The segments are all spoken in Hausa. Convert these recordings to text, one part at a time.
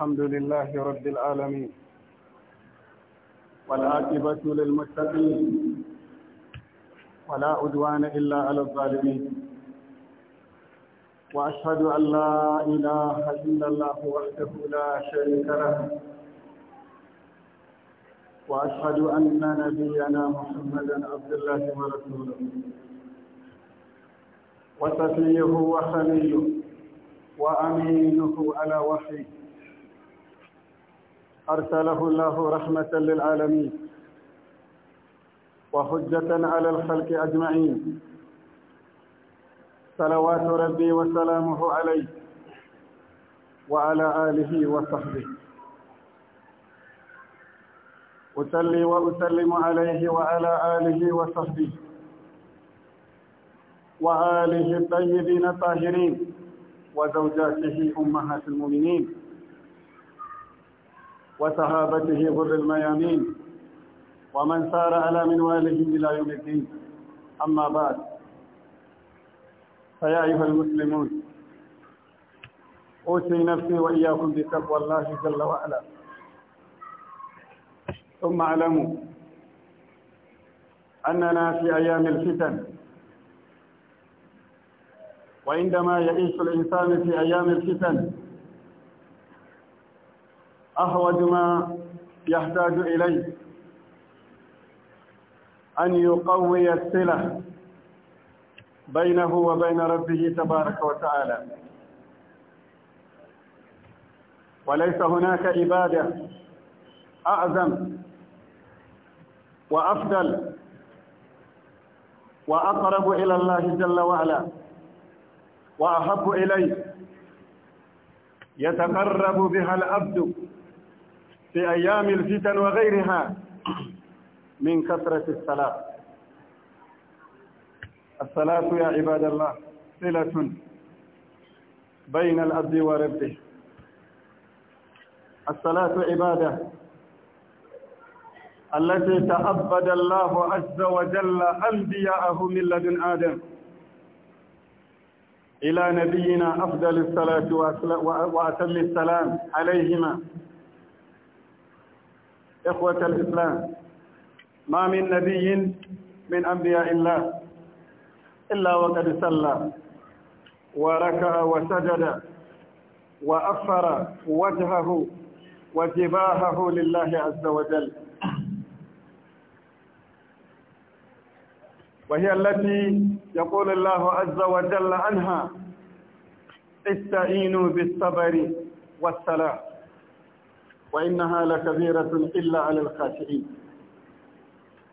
الحمد لله رب العالمين والعاقبة للمتقين ولا عدوان إلا على الظالمين وأشهد أن لا إله إلا الله وحده لا شريك له وأشهد أن نبينا محمدا عبد الله ورسوله وصفيه وخليله وأمينه على وحيه أرسله الله رحمة للعالمين وحجة على الخلق أجمعين صلوات ربي وسلامه عليه وعلى آله وصحبه أسلي وأسلم عليه وعلى آله وصحبه وآله الطيبين الطاهرين وزوجاته أمهات المؤمنين وصحابته غر الميامين ومن سار على منوالهم إلى يوم الدين أما بعد فيا أيها المسلمون أوصي نفسي وإياكم بتقوى الله جل وعلا ثم اعلموا أننا في أيام الفتن وعندما يعيش الإنسان في أيام الفتن أهوج ما يحتاج إليه أن يقوي الصلة بينه وبين ربه تبارك وتعالى وليس هناك عبادة أعظم وأفضل وأقرب إلى الله جل وعلا وأحب إليه يتقرب بها العبد في أيام الفتن وغيرها من كثرة الصلاة الصلاة يا عباد الله صلة بين الأبد وربه الصلاة عبادة التي تعبد الله عز وجل أنبياءه من لدن آدم إلى نبينا أفضل الصلاة وأتم السلام عليهما إخوة الإسلام ما من نبي من أنبياء الله إلا وقد صلى وركع وسجد وأفر وجهه وجباهه لله عز وجل وهي التي يقول الله عز وجل عنها استعينوا بالصبر والصلاة وإنها لكبيرة إلا على الخاشعين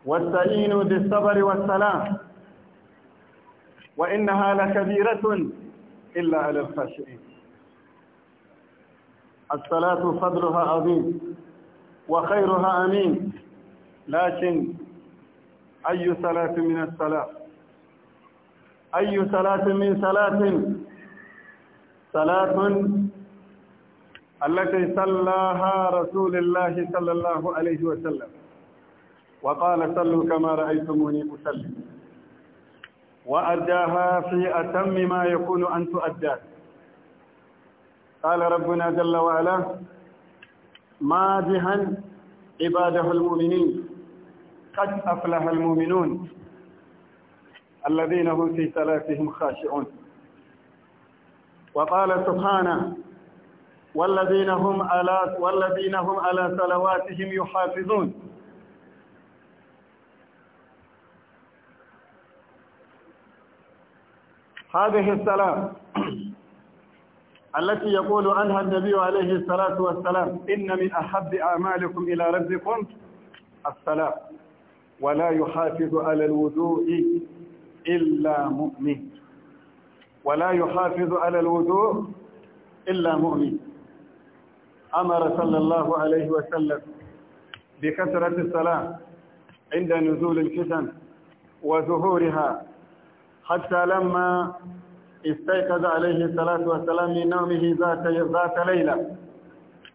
واستعينوا بالصبر والسلام وإنها لكبيرة إلا على الخاشعين الصلاة فضلها عظيم وخيرها أمين لكن أي صلاة من الصلاة أي صلاة من صلاة صلاة التي صلاها رسول الله صلى الله عليه وسلم وقال صلوا كما رأيتموني أسلم وأداها في أتم ما يكون أن تؤدى قال ربنا جل وعلا ماجها عباده المؤمنين قد أفلح المؤمنون الذين هم في صلاتهم خاشعون وقال سبحانه والذين هم على والذين هم على صلواتهم يحافظون هذه الصلاة التي يقول عنها النبي عليه الصلاة والسلام إن من أحب أعمالكم إلى ربكم الصلاة ولا يحافظ على الوضوء إلا مؤمن ولا يحافظ على الوضوء إلا مؤمن أمر صلى الله عليه وسلم بكثرة الصلاة عند نزول الفتن وظهورها حتى لما استيقظ عليه الصلاة والسلام من نومه ذات ذات ليلة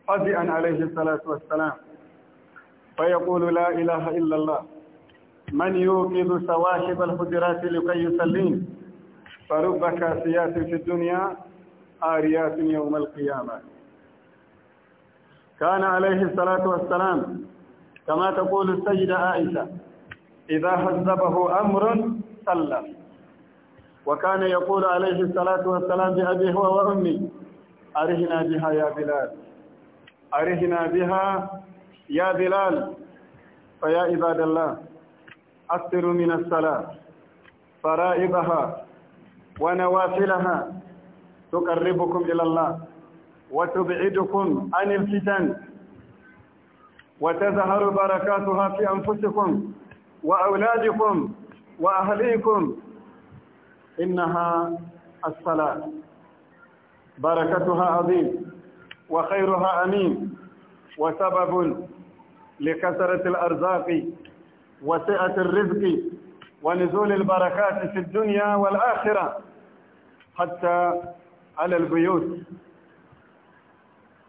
فزئا عليه الصلاة والسلام فيقول لا إله إلا الله من يوقظ سواحب الحجرات لكي يسلين فرب كاسيات في الدنيا آريات يوم القيامة كان عليه الصلاة والسلام كما تقول السيدة عائشة إذا حزبه أمر صلى وكان يقول عليه الصلاة والسلام بأبي هو وأمي أرهنا بها يا بلال أرهنا بها يا بلال فيا عباد الله أكثروا من الصلاة فرائبها ونوافلها تقربكم إلى الله وتبعدكم عن الفتن وتظهر بركاتها في أنفسكم وأولادكم وأهليكم إنها الصلاة بركتها عظيم وخيرها أمين وسبب لكثرة الأرزاق وسعة الرزق ونزول البركات في الدنيا والآخرة حتى على البيوت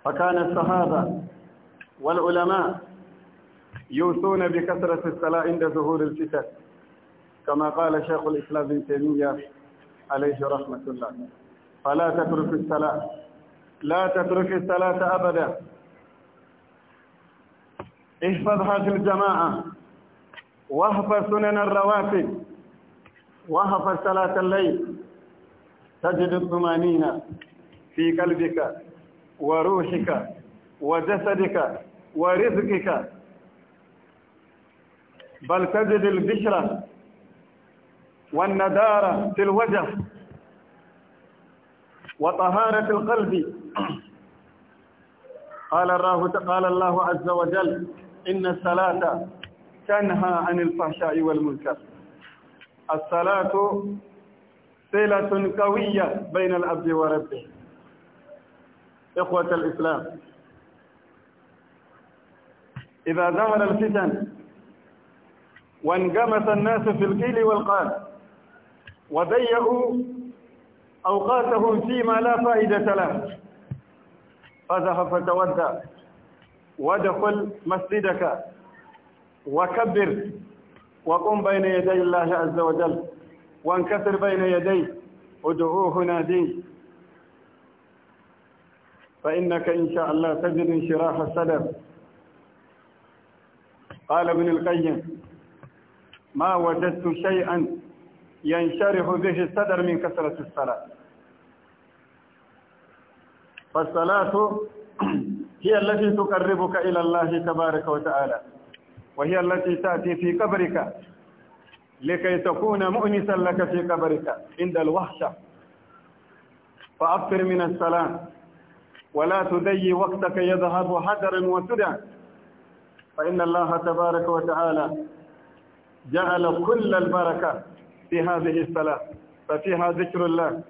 فكان الصحابة والعلماء يوصون بكثرة الصلاة عند ظهور الفتن كما قال شيخ الإسلام ابن تيمية عليه رحمة الله فلا تترك الصلاة لا تترك الصلاة أبدا احفظ هذه الجماعة واحفظ سنن الرواتب واحفظ صلاة الليل تجد الطمأنينة في قلبك وروحك وجسدك ورزقك بل تجد البشرة والندارة في الوجه وطهارة القلب قال الله قال الله عز وجل إن الصلاة تنهى عن الفحشاء والمنكر الصلاة صلة قوية بين العبد وربه إخوة الإسلام إذا ظهر الفتن وانجمس الناس في القيل والقال وضيعوا أوقاتهم فيما لا فائدة له فذهب فتودى وادخل مسجدك وكبر وقم بين يدي الله عز وجل وانكسر بين يديه ادعوه ناديه فإنك إن شاء الله تجد انشراح الصدر قال ابن القيم ما وجدت شيئا ينشرح به الصدر من كثرة الصلاة فالصلاة هي التي تقربك إلى الله تبارك وتعالى وهي التي تأتي في قبرك لكي تكون مؤنسا لك في قبرك عند الوحشة فأكثر من الصلاة ولا تدي وقتك يذهب هدرا وسدى فإن الله تبارك وتعالى جعل كل البركة في هذه الصلاة ففيها ذكر الله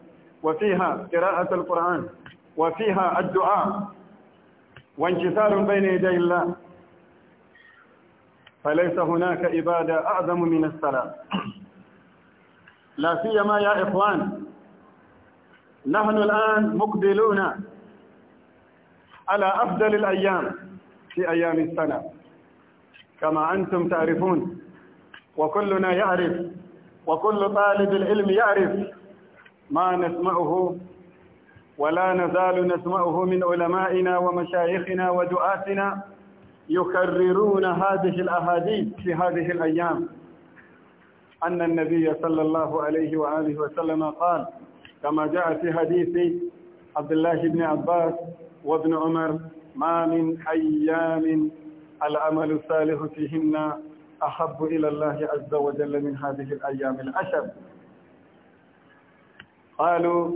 وفيها قراءة القرآن وفيها الدعاء وانكسار بين يدي الله فليس هناك إبادة أعظم من الصلاة لا سيما يا إخوان نحن الآن مقبلون على أفضل الأيام في أيام السنة كما أنتم تعرفون وكلنا يعرف وكل طالب العلم يعرف ما نسمعه ولا نزال نسمعه من علمائنا ومشايخنا ودعاتنا يكررون هذه الأحاديث في هذه الأيام أن النبي صلى الله عليه وآله وسلم قال كما جاء في حديث عبد الله بن عباس وابن عمر ما من أيام العمل الصالح فيهن أحب إلى الله عز وجل من هذه الأيام العشر قالوا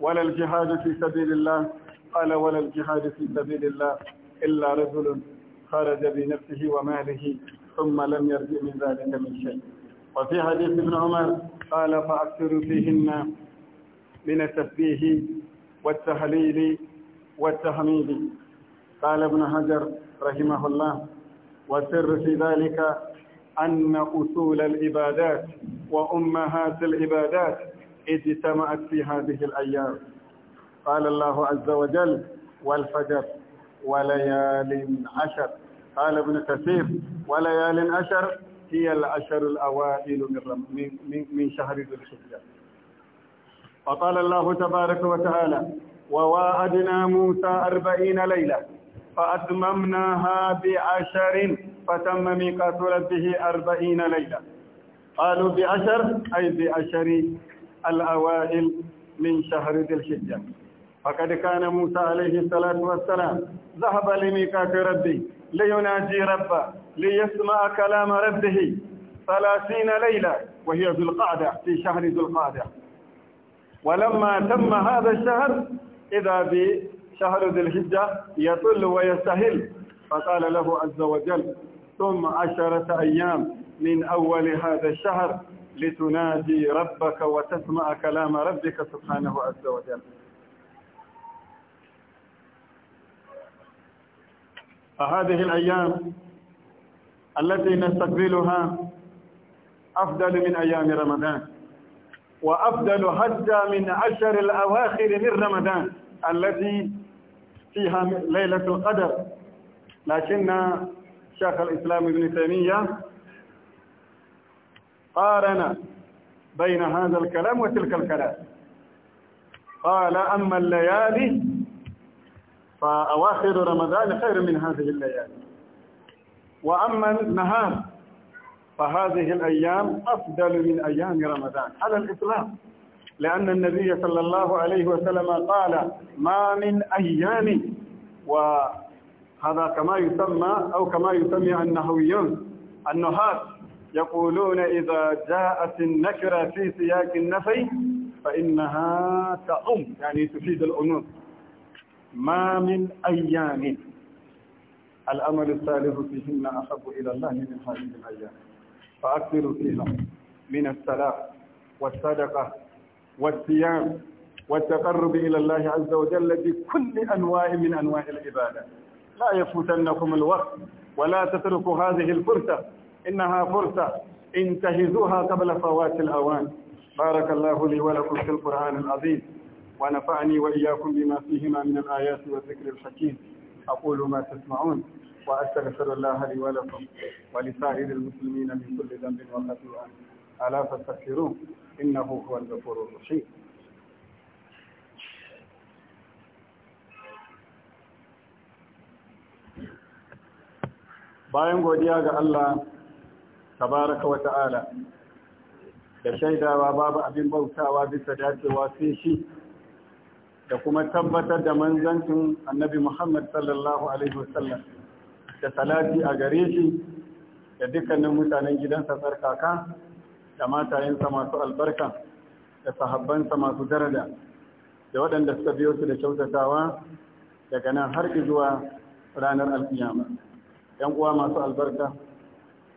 ولا الجهاد في سبيل الله قال ولا الجهاد في سبيل الله إلا رجل خرج بنفسه وماله ثم لم يرجع من ذلك من شيء وفي حديث ابن عمر قال فأكثروا فيهن من التسبيح والتهليل والتحميد قال ابن حجر رحمه الله والسر في ذلك أن أصول العبادات وأمهات العبادات اجتمعت في هذه الأيام قال الله عز وجل والفجر وليال عشر قال ابن كثير وليال عشر هي العشر الأوائل من, من, من شهر ذي الحجة وقال الله تبارك وتعالى وواعدنا موسى أربعين ليلة فأتممناها بعشر فتم ميقات ربه أربعين ليلة قالوا بعشر أي بعشر الأوائل من شهر ذي الحجة فقد كان موسى عليه الصلاة والسلام ذهب لميقات ربه ليناجي ربه ليسمع كلام ربه ثلاثين ليلة وهي ذو القعدة في شهر ذو القعدة ولما تم هذا الشهر إذا بشهر ذي الحجة يطل ويستهل فقال له عز وجل ثم عشرة أيام من أول هذا الشهر لتنادي ربك وتسمع كلام ربك سبحانه عز وجل فهذه الأيام التي نستقبلها أفضل من أيام رمضان وأفضل حتى من عشر الأواخر من رمضان التي فيها ليلة القدر لكن شيخ الإسلام ابن تيمية قارن بين هذا الكلام وتلك الكلام قال أما الليالي فأواخر رمضان خير من هذه الليالي وأما النهار فهذه الأيام أفضل من أيام رمضان على الإطلاق لأن النبي صلى الله عليه وسلم قال ما من أيام وهذا كما يسمى أو كما يسمي النهويون النهات يقولون إذا جاءت النكرة في سياق النفي فإنها تأم يعني تفيد الأنوث ما من أيام الأمل الثالث فيهن أحب إلى الله من هذه الأيام فأكثروا فيها من الصلاة والصدقة والصيام والتقرب إلى الله عز وجل بكل أنواع من أنواع العبادة لا يفوتنكم الوقت ولا تتركوا هذه الفرصة إنها فرصة انتهزوها قبل فوات الأوان بارك الله لي ولكم في القرآن العظيم ونفعني وإياكم بما فيهما من الآيات والذكر الحكيم أقول ما تسمعون وأستغفر الله لي ولكم ولسائر المسلمين من كل ذنب وخطيئة ألا فاستغفروه إنه هو الغفور الرحيم bayan godiya ga Allah tabaraka wa ta'ala da shaidawa babu abin bautawa bisa dacewa sai shi da kuma tabbatar da manzancin annabi Muhammad sallallahu alaihi wasallam da salati a gare shi da dukkanin mutanen gidansa tsarkaka da matayensa masu albarka da sahabbansa masu daraja da waɗanda suka biyo su da kyautatawa daga nan har zuwa ranar alkiyama yan uwa masu albarka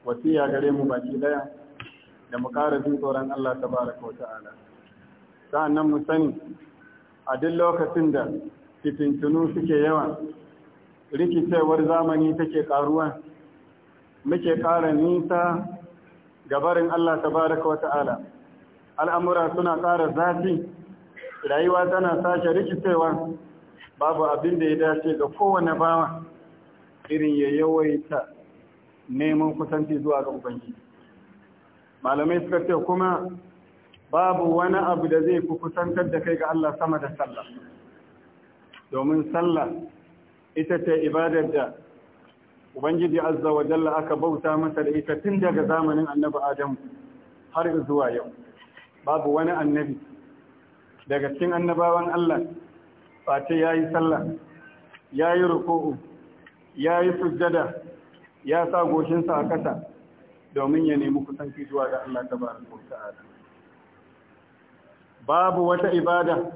wasiya gare mu baki daya da mu ƙara jin tsoron Allah tabaraka wa ta'ala sa'annan mu sani a duk lokacin da fitintunu suke yawa rikicewar zamani take ƙaruwa muke ƙara nisa gabarin Allah ta tabaraka wa ta'ala al'amura suna ƙara zafi rayuwa tana sashe rikicewa babu abin da ya dace ga kowane bawa irin ya yawaita neman kusanci zuwa ga ubangi malamai suka ce kuma babu wani abu da zai kusantar da kai ga Allah sama da sallah domin sallah ita ce ibadar da ubangiji azza wa jalla aka bauta masa da ita tun daga zamanin annabi adam har zuwa yau babu wani annabi daga cikin annabawan Allah face yi sallah ya yayi ruku'u yi sujjada ya sa goshinsa a ƙasa domin ya nemi kusanci zuwa ga Allah ta ba babu wata ibada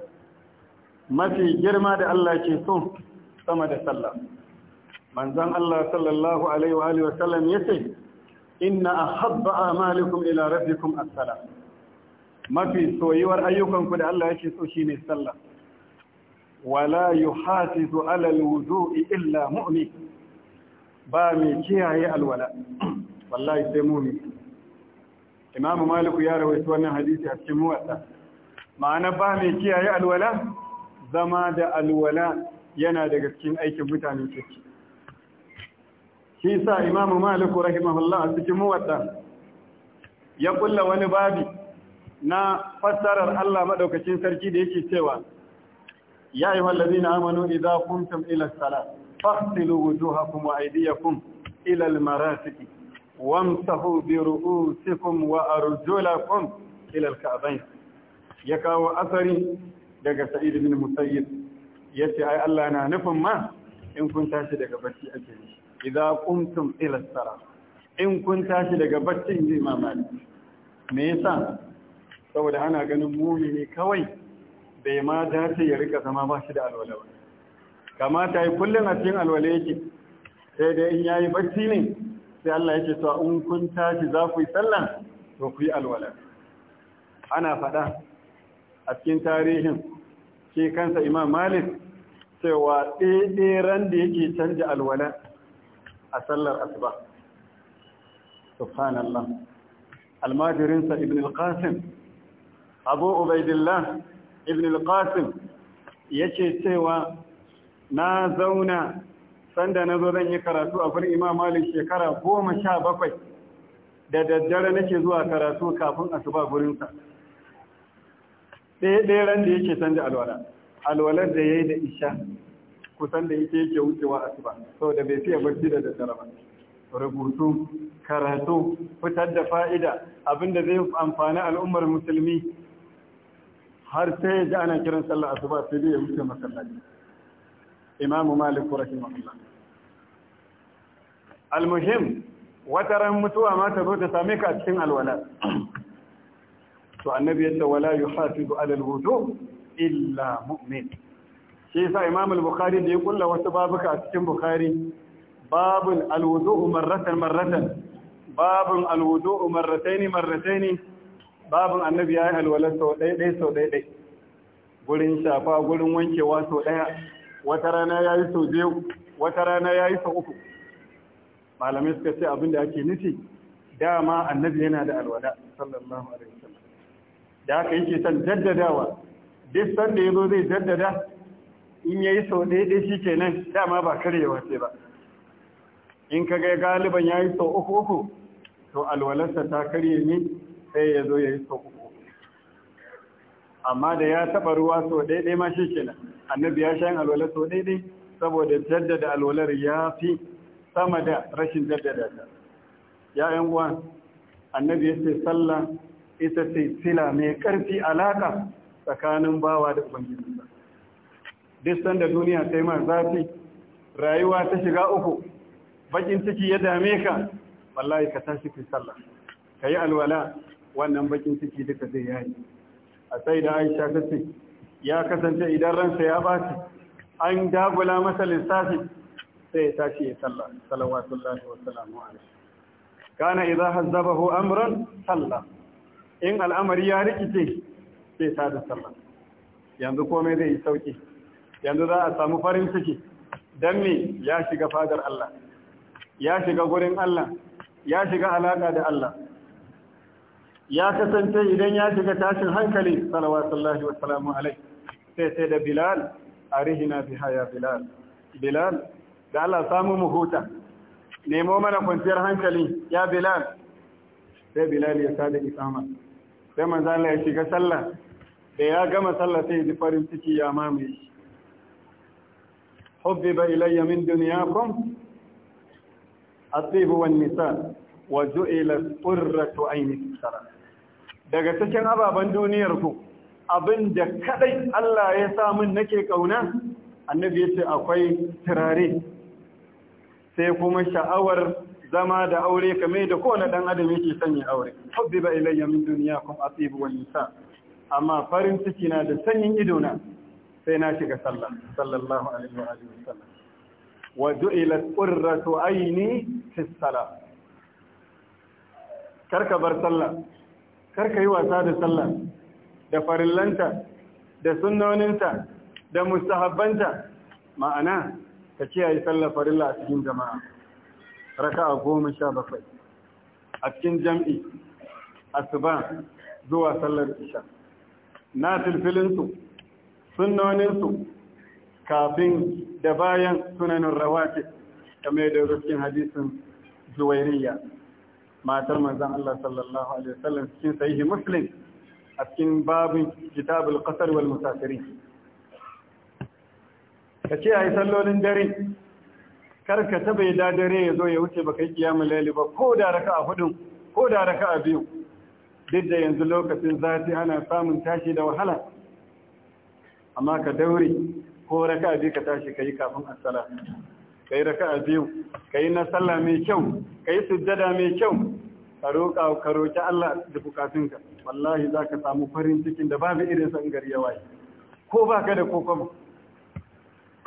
mafi girma da Allah ke so sama da sallah manzon Allah sallallahu alaihi wa alihi wasallam yace inna ahabba a'malikum ila rabbikum as-salah mafi soyuwar ayyukanku da Allah yake so shi ne sallah wala yuhasidu ala al-wudu'i illa mu'min ba mai kiyaye alwala wallahi sai mu'min imamu maliku ya rawaito wannan hadisi a cikin muwatta ma'ana ba mai kiyaye alwala zama da alwala yana daga cikin aikin mutanen kirki shi sa imamu maliku rahimahullah a cikin muwatta ya kulla wani babi na fassarar Allah maɗaukacin sarki da yake cewa ya yi ayyuhal na amanu idza qumtum ila salat faghsilu wujuhakum kuma aydiyakum ila al wamsahu bi ru'usikum wa arjulakum ila kabayn ya kawo asari daga sa'id bin musayyib yace ai Allah na nufin ma in kun tashi daga barci ake yi idza qumtum ila salah in kun tashi daga baccin zai mamaki me yasa saboda ana ganin mumini kawai bai ma dace ya rika zama ba shi da alwala ba kamata yi kullum a cikin alwala yake sai dai in yayi bacci ne sai Allah yake to in kun tashi za ku yi sallah to ku yi alwala ana faɗa a cikin tarihin shi kansa Imam Malik cewa ɗaiɗairan da yake canja alwala a sallar asuba subhanallah almajirinsa ibn al-qasim abu ubaidillah ibn al-qasim yace cewa na zauna sanda nazo zan yi karatu a gurin imam malik shekara goma sha bakwai da daddare nake zuwa karatu kafin asuba gurinsa ɗaya ɗaya ran da yake sanda alwala alwalar da ya yi da isha kusan da yake yake wucewa a asuba saboda bai fiye barci da daddare ba rubutu karatu fitar da fa'ida abinda zai amfani al'ummar musulmi har sai ya ji ana kiran sallah asuba sai dai ya wuce masallaci imamu malik Al muhim, wata ran mutuwa ma ta zo ta same ka a cikin alwala to annabi yadda wala yuhafizu alal wudu illa mu'min shi yasa Imam al-Bukhari da ya kulla wasu babuka a cikin Bukhari babun al-wudu'u marratan marratan babun al-wudu'u marrataini marrataini babun annabi ya yi alwala sau ɗaya ɗaya sau ɗaya ɗaya gurin shafa gurin wankewa sau ɗaya wata rana ya yi sau biyu wata rana ya yi sau uku malamai suka ce abin da ake nufi dama annabi yana da alwala sallallahu alaihi wasallam da haka yake san jaddadawa duk sanda ya zo zai jaddada in ya yi sau ɗaya shi ke kenan dama ba karyewa ce ba in ka gai galiban ya yi sau uku uku to alwalarsa ta karye ne sai ya zo ya yi sau uku amma da ya taɓa ruwa sau ɗaya ma shi ke nan, annabi ya shan alwalar sau ɗaya saboda jaddada alwalar ya fi sama da rashin jaddada ta ya'yan uwa annabi ya ce sallah ita ce sila mai ƙarfi alaƙa tsakanin bawa da ubangiji duk sanda duniya sai man zafi rayuwa ta shiga uku bakin ciki ya dame ka wallahi ka tashi fi sallah ka alwala wannan bakin ciki duka zai yayi a sai da aisha ta ce ya kasance idan ransa ya baci an dagula masa lissafi sai ya tashi ya sallah salawatullahi wa salamu alaihi kana idza hazzabahu amran sallah in al'amari ya rikice sai ta da sallah yanzu komai zai yi sauki yanzu za a samu farin ciki don me ya shiga fadar Allah ya shiga gurin Allah ya shiga alaƙa da Allah ya kasance idan ya shiga tashin hankali salawatullahi wa salamu alai sai sai da bilal arihina biha ya bilal bilal da Allah samu mu huta nemo mana kwanciyar hankali ya bilal sai bilal ya sada isama sai manzo ya shiga sallah da ya gama sallah sai ya ji farin ciki ya mamaye حبب إلي من دنياكم الطيب والنساء وجعلت قرة عيني في الصلاة daga cikin ababen duniyar ku abin da kadai Allah ya sa min nake kauna annabi yace akwai turare sai kuma sha'awar zama da aure kamar da kowane dan adam yake son aure. aure ba ilayya min dunyakum atibu wan nisa amma farin ciki na da sanyin ido na sai na shiga sallah sallallahu alaihi wa alihi wa ju'ilat qurratu aini fi salat karka bar sallah karka yi wasa da sallah da farillanta da sunnoninta da mustahabbanta ma'ana ka kiyaye sallah farilla a cikin jama'a raka'a goma sha bakwai a cikin jam'i asuba zuwa sallar isha na filfilinsu sunnoninsu kafin da bayan sunanin rawatib kamar da rufin hadisin zuwairiyya matar manzan Allah sallallahu alaihi wasallam cikin sahihi muslim a cikin babin kitabul qasar wal musafiri a yi sallolin dare kar ka taba dadare ya zo ya wuce baka yi kiyamun laili ba ko da a hudun ko da a biyu duk da yanzu lokacin zafi ana samun tashi da wahala amma ka daure ko raka'a biyu ka tashi kai kafin asala kai raka'a biyu kai na sallah mai kyau kai sujjada mai kyau ka roƙa ka roƙi Allah da ka wallahi za ka samu farin cikin da babu irin san gari ya waye ko baka da kokobo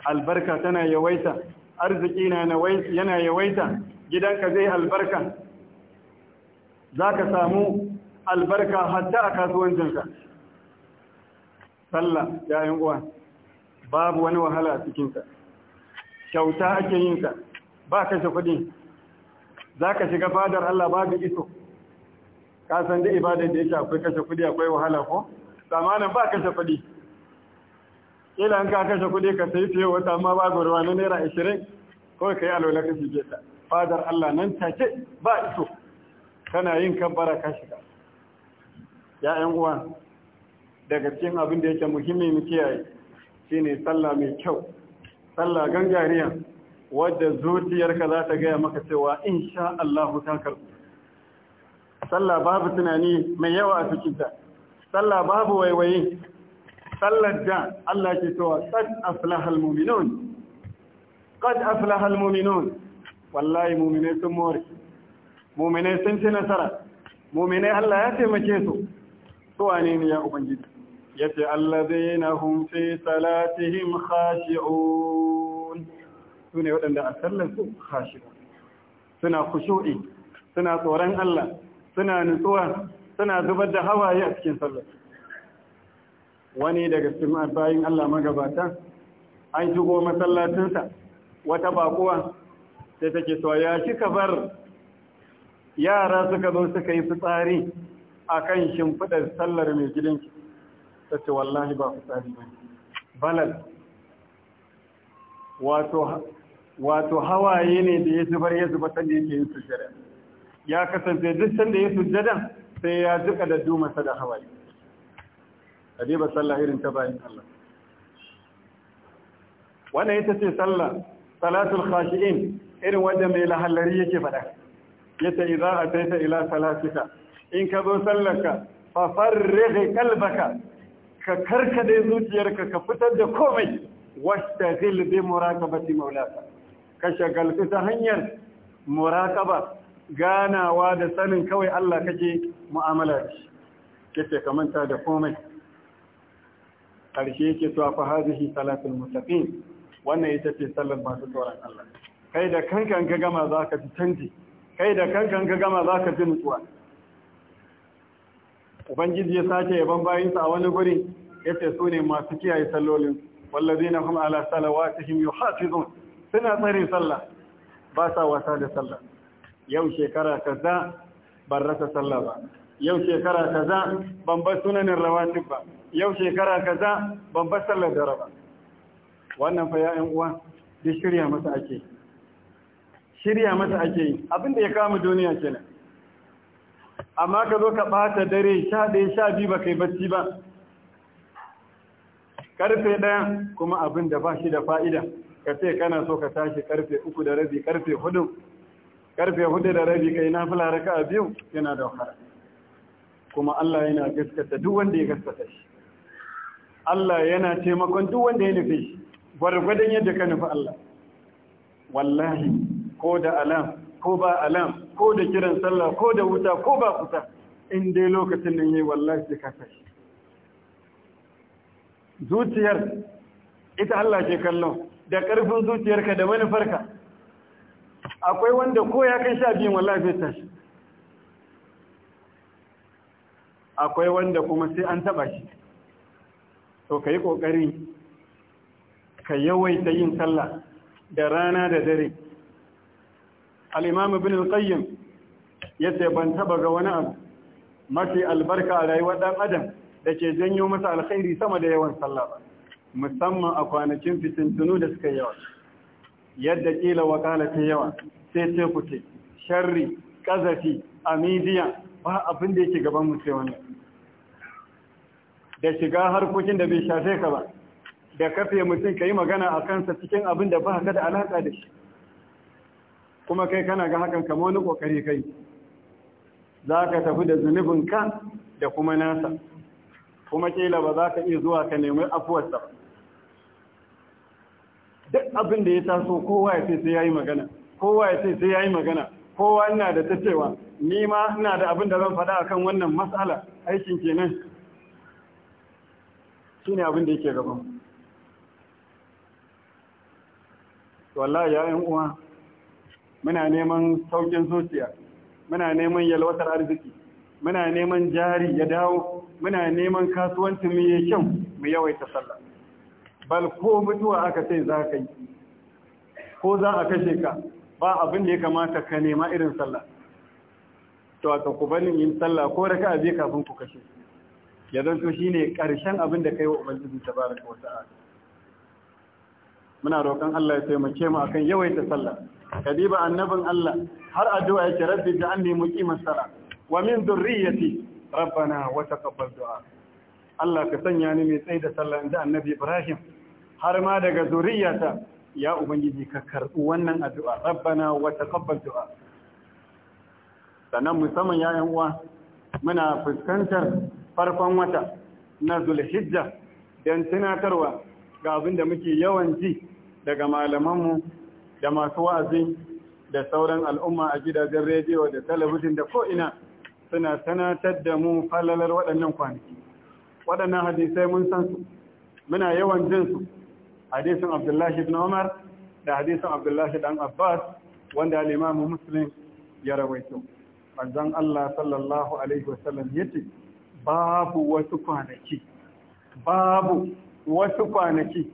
albarka tana yawaita arziki na yana yawaita gidanka zai albarka za ka samu albarka hatta a kasuwancinka sallah yayin uwa babu wani wahala a cikinta kyauta ake yin ka. ba kashe kudi za ka shiga fadar Allah babu iso ka san da ibadar da shi akwai kashe kudi akwai wahala ko tsamanin ba kashe kudi ila an ka kashe kudi ka sai fiye wata amma ba gurwa na naira ashirin. ko ka yi alola ka shige ta fadar Allah nan take ba iso kana yin kabbara ka shiga ya'yan uwa daga cikin abin da yake muhimmi mu kiyaye shine sallah mai kyau sallah gangariya wadda zuciyarka za ta gaya maka cewa insha Allah ta karbu sallah babu tunani mai yawa a cikinta sallah babu waiwayi sallar da Allah ke cewa qad aflaha almu'minun qad aflaha almu'minun wallahi mu'minai sun more mu'minai sun ci nasara mu'minai Allah ya taimake su to wane ne ya ubangiji Ya ce allazina hum fi salatihim khashi'un sune waɗanda a sallar su khashi'un suna khushu'i suna tsoron Allah suna nutsuwa suna zubar da hawaye a cikin sallar wani daga cikin bayin Allah magabata an shigo masallacinsa wata bakuwa sai take cewa ya kika bar yara suka zo suka yi fitsari akan shimfidar sallar mai gidanki ta ce wallahi ba fitsari ba balal wato hawaye ne da ya zubar ya zuba sanda yake yin sujjada ya kasance duk sanda ya sujjada sai ya duka da dumasa da hawaye ba sallah irin ta bayan Allah wannan ita ce sallah salatul khashi'in irin wanda mai lahallari yake faɗa yace idza ataita ila salatika in ka zo sallarka fa farrigh qalbaka ka karkade zuciyarka ka fitar da komai wasta zil bi muraqabati maulaka ka shagaltu ta hanyar muraqaba ganawa da sanin kawai Allah kake mu'amala da shi kace ka manta da komai karshe yake to fa hadhihi salatul mustaqim wannan ita ce sallar masu tsoron Allah kai da kankan ka gama zaka ji canji kai da kankan ka gama zaka ji nutsuwa ubangiji ya sake yaban bayinsa a wani guri ya ce su ne masu kiyaye sallolin wallazina kuma ala salawatihim yuhafizun suna tsarin sallah ba sa wasa da sallah yau shekara kaza ban rasa sallah ba yau shekara kaza ban bar sunanin rawatib ba yau shekara kaza ban bar sallar da raba wannan fa ya'yan uwa duk shirya masa ake shirya masa ake yi abinda ya kama duniya kenan amma ka zo ka ɓata dare sha ɗaya sha biyu ba kai bacci ba karfe ɗaya kuma abin da ba shi da fa'ida ka ce kana so ka tashi karfe uku da rabi karfe hudu karfe hudu da rabi kai na fula raka a biyu yana da wahala kuma Allah yana gaskata duk wanda ya gaskata shi Allah yana taimakon duk wanda ya nufi shi gwargwadon yadda ka nufi Allah wallahi ko da alam ko ba alam ko da kiran sallah ko da wuta ko ba kusa. in dai lokacin nan yayi wallahi sai ka tashi zuciyar ita Allah ke kallon da ƙarfin zuciyarka da manufarka akwai wanda ko ya kai sha biyun wallahi sai tashi akwai wanda kuma sai an taba shi to ka yi ƙoƙari ka yawaita yin sallah da rana da dare al'imamu bin al ya ce ban taba ga wani abu mafi albarka a rayuwar ɗan adam da ke janyo masa alkhairi sama da yawan sallah ba musamman a kwanakin fitintunu da suka yawa yadda kila wakala ta yawa sai ce ku ce sharri kazafi a midiya ba abin da yake gaban mu sai wannan da shiga harkokin da bai shafe ka ba da kafe mutum ka yi magana a kansa cikin abin da ba ka da alaƙa da shi kuma kai kana ga hakan kamar wani kokari kai za ka tafi da zunubin ka da kuma nasa kuma kila ba za ka iya zuwa ka nemi afuwarsa duk abin da ya taso kowa ya ce sai ya yi magana kowa ya ce sai ya yi magana kowa ina da ta cewa ni ma ina da abin da zan faɗa akan wannan matsala aikin kenan shi ne abin da yake gaban wallahi ya uwa muna neman saukin zuciya muna neman yalwatar arziki muna neman jari ya dawo muna neman kasuwanci mu yi kyau mu yawaita sallah bal ko mutuwa aka ce za ka yi ko za a kashe ka ba abin da ya kamata ka nema irin sallah to aka ku bani yin sallah ko raka a kafin ku kashe ya shi shine karshen abin da kai wa ubangiji tabaraka wa ta'ala muna roƙon Allah ya taimake mu akan yawaita sallah kadiba annabin Allah har addu'a yake rabbi ja'alni muqimas sala wa min dhurriyyati rabbana wa taqabbal du'a Allah ka sanya ni mai tsayi da sallah inda annabi Ibrahim har ma daga zuriyata ya ubangiji ka karbi wannan addu'a rabbana wa taqabbal du'a sannan musamman yan uwa muna fuskantar farkon wata na zulhijja don tunatarwa ga abin da muke yawan ji daga malamanmu da masu wa'azi da sauran al'umma a gidajen rediyo da talabijin da ko'ina suna sanatar da mu falalar waɗannan kwanaki waɗannan hadisai mun san su muna yawan jin su hadisin abdullahi ibn umar da hadisin abdullahi dan abbas wanda al'imamu muslim ya rawaito manzon allah sallallahu alaihi wasallam ya ce babu wasu kwanaki babu wasu kwanaki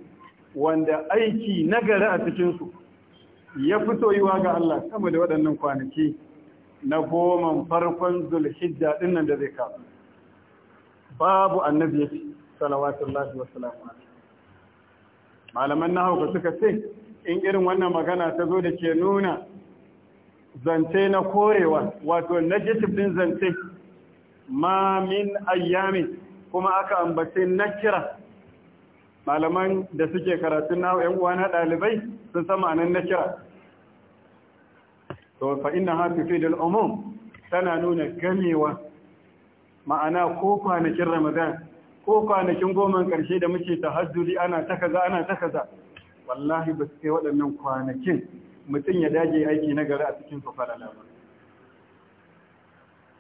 wanda aiki nagari a cikinsu ya fi soyuwa ga Allah sama da waɗannan kwanaki na goma farkon zulhijja ɗin nan da zai kafa. babu annabi Salawatun Lafi wa salamu malaman na hauka suka ce in irin wannan magana ta zo da ke nuna zance na korewa wato na din zance ma min ayyami kuma aka ambace kira. malaman da suke karatun na yan uwa na dalibai sun san ma'anar nakira to fa inna ha tufidul umum tana nuna gamewa ma'ana ko kwanakin ramadan ko kwanakin goma karshe da muke tahajjudi ana ta kaza ana ta kaza wallahi ba su kai waɗannan kwanakin mutum ya dage aiki na gari a cikin su fara ba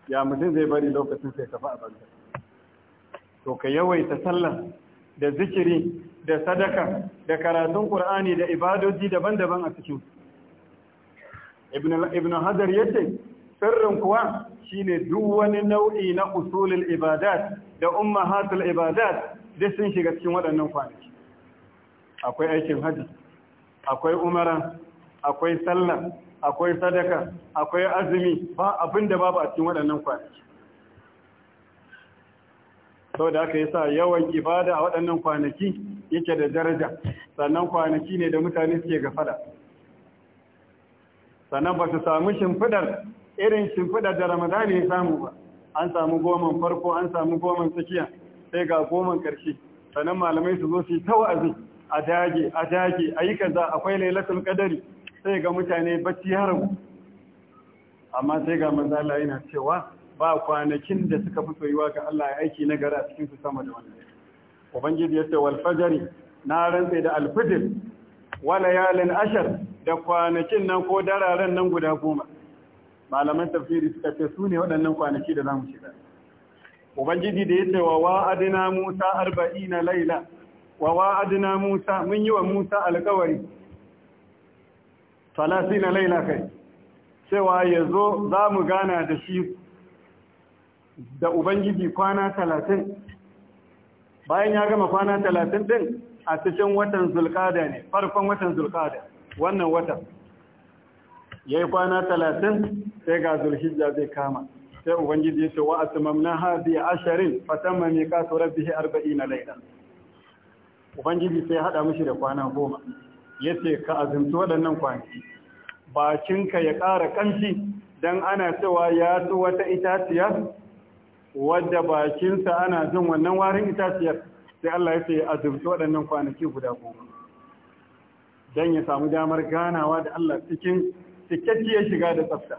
ya mutum zai bari lokacin sai tafi a banka to ka yawaita sallah da zikiri da sadaka da karatun Qur'ani da ibadoji daban-daban a cikin Ibn Hajar yace sirrin kuwa shine duk wani nau'i na usulul ibadat da umma ummahatul ibadat da sun shiga cikin waɗannan kwanaki akwai aikin haji akwai umara akwai sallah akwai sadaka akwai azumi ba abinda babu a cikin waɗannan kwanaki saboda yi sa yawan ibada a waɗannan kwanaki yake da daraja sannan kwanaki ne da mutane suke gafara sannan ba su samu shimfidar irin shimfidar da ramadani ya samu ba an samu goman farko an samu goman tsakiya sai ga goman ƙarshe sannan malamai su zo su yi ta wa'azi a dage a dage a yi kaza akwai lailatul kadari sai ga mutane bacci har amma sai ga manzo Allah yana cewa ba kwanakin da suka fi soyuwa ga Allah ya aiki na gara a cikin su sama da wannan ubangiji ya ce wal fajri na rantsa da al fajr wa layalin ashar da kwanakin nan ko dararen nan guda goma malaman tafsiri suka ce su ne waɗannan kwanaki da zamu shiga ubangiji da ya ce wa wa'adina musa 40 laila wa wa'adina musa mun yi wa musa alƙawari 30 laila kai cewa ya zo za mu gana da shi da ubangiji kwana talatin bayan ya gama kwana talatin ɗin, a cikin watan zulkada ne farkon watan zulkada wannan watan ya yi kwana talatin sai ga zulhijja zai kama sai ubangiji ya ce wa a asimamna hazi ashirin fatan mamika kasuwar bihi arba'i na laida ubangiji sai haɗa mishi da kwana goma ya ce ka azumci waɗannan kwanaki bakinka ya ƙara ƙanshi don ana cewa ya ci wata itaciya wadda bakinsa ana jin wannan warin itaciyar sai Allah ya ce azumci waɗannan kwanaki guda goma don ya samu damar ganawa da Allah cikin cikakkiyar shiga da tsafta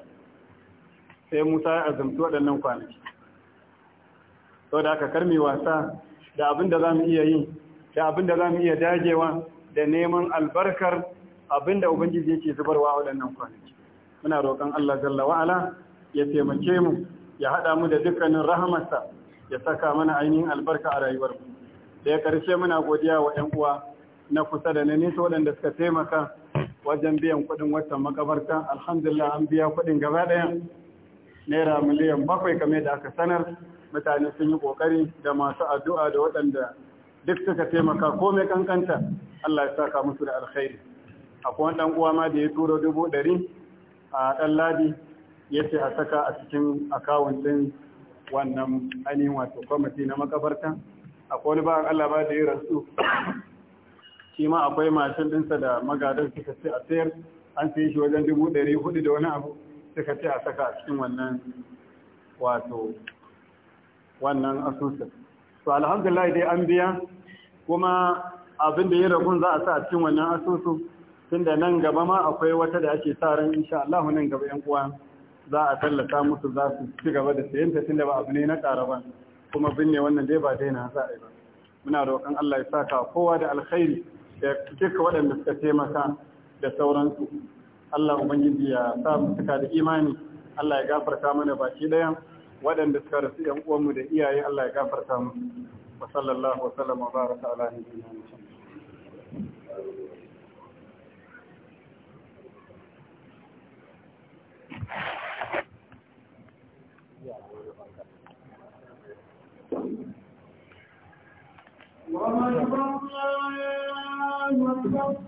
sai Musa ya azumci waɗannan kwanaki sau da aka karmi wasa da abin da za mu iya yi da abin da za mu iya dagewa da neman albarkar abin da Ubangiji yake zubarwa waɗannan kwanaki muna roƙon Allah jalla wa'ala ya taimake mu ya haɗa mu da dukkanin rahamarsa ya saka mana ainihin albarka a rayuwar mu da ya karshe muna godiya wa 'yan uwa na kusa da na nesa waɗanda suka taimaka wajen biyan kuɗin watan makabarta alhamdulillah an biya kuɗin gaba ɗaya naira miliyan bakwai kame da aka sanar mutane sun yi ƙoƙari da masu addu'a da waɗanda duk suka taimaka ko mai kankanta Allah ya saka musu da alkhairi akwai wani ɗan uwa ma da ya turo dubu ɗari a ɗan ladi ya ce a saka a cikin akawun din wannan ainihin wato kwamiti na makabarta akwai wani bayan Allah da ya rasu shi ma akwai mashin dinsa da magadar suka ce a sayar an sayi shi wajen dubu ɗari hudu da wani abu suka ce a saka a cikin wannan wato wannan asusun to alhamdulillah dai an biya kuma abin da ya ragun za a sa a cikin wannan asusu tun da nan gaba ma akwai wata da ake sa ran insha Allah nan gaba yan uwa za a tallata musu za su ci gaba da sayen ta tunda ba abu ne na ƙara ba kuma binne wannan dai ba dai na za a yi ba muna roƙon Allah ya saka kowa da alkhairi da duka waɗanda suka taimaka da sauransu Allah ubangiji ya sa mu suka da imani Allah ya gafarta mana baki ɗaya waɗanda suka rasu ƴan uwanmu da iyaye Allah ya gafarta mu wa sallallahu wa sallam wa baraka ala nabiyyina Muhammad Thank you. ومن الله